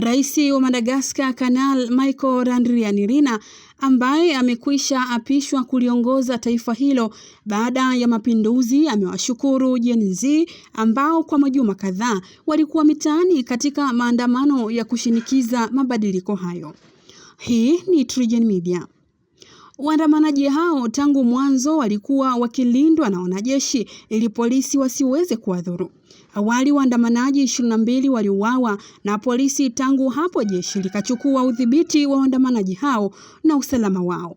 Rais wa Madagaskar Kanal Michael Randrianirina ambaye amekwisha apishwa kuliongoza taifa hilo baada ya mapinduzi amewashukuru Gen Z ambao kwa majuma kadhaa walikuwa mitaani katika maandamano ya kushinikiza mabadiliko hayo. Hii ni TriGen Media. Waandamanaji hao tangu mwanzo walikuwa wakilindwa na wanajeshi ili polisi wasiweze kuwadhuru. Awali waandamanaji ishirini na mbili waliuawa na polisi. Tangu hapo jeshi likachukua udhibiti wa waandamanaji hao na usalama wao.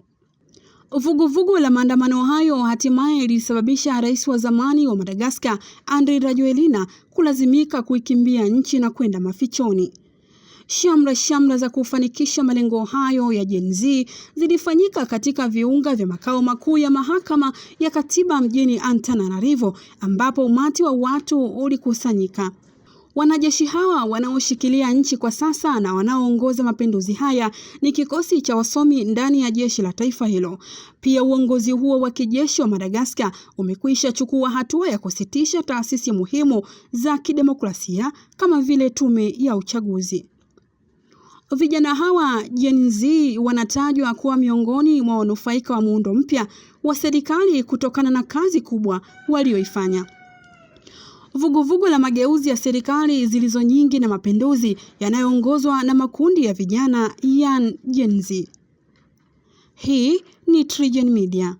Vuguvugu vugu la maandamano hayo hatimaye lilisababisha rais wa zamani wa Madagascar Andry Rajoelina kulazimika kuikimbia nchi na kwenda mafichoni. Shamra shamra za kufanikisha malengo hayo ya Gen Z zilifanyika katika viunga vya makao makuu ya mahakama ya katiba mjini Antananarivo ambapo umati wa watu ulikusanyika. Wanajeshi hawa wanaoshikilia nchi kwa sasa na wanaoongoza mapinduzi haya ni kikosi cha wasomi ndani ya jeshi la taifa hilo. Pia uongozi huo wa kijeshi wa Madagaskar umekwisha chukua hatua ya kusitisha taasisi muhimu za kidemokrasia kama vile tume ya uchaguzi. Vijana hawa Gen Z wanatajwa kuwa miongoni mwa wanufaika wa muundo mpya wa serikali kutokana na kazi kubwa walioifanya. Vuguvugu la mageuzi ya serikali zilizo nyingi na mapinduzi yanayoongozwa na makundi ya vijana yan Gen Z. Hii ni TriGen Media.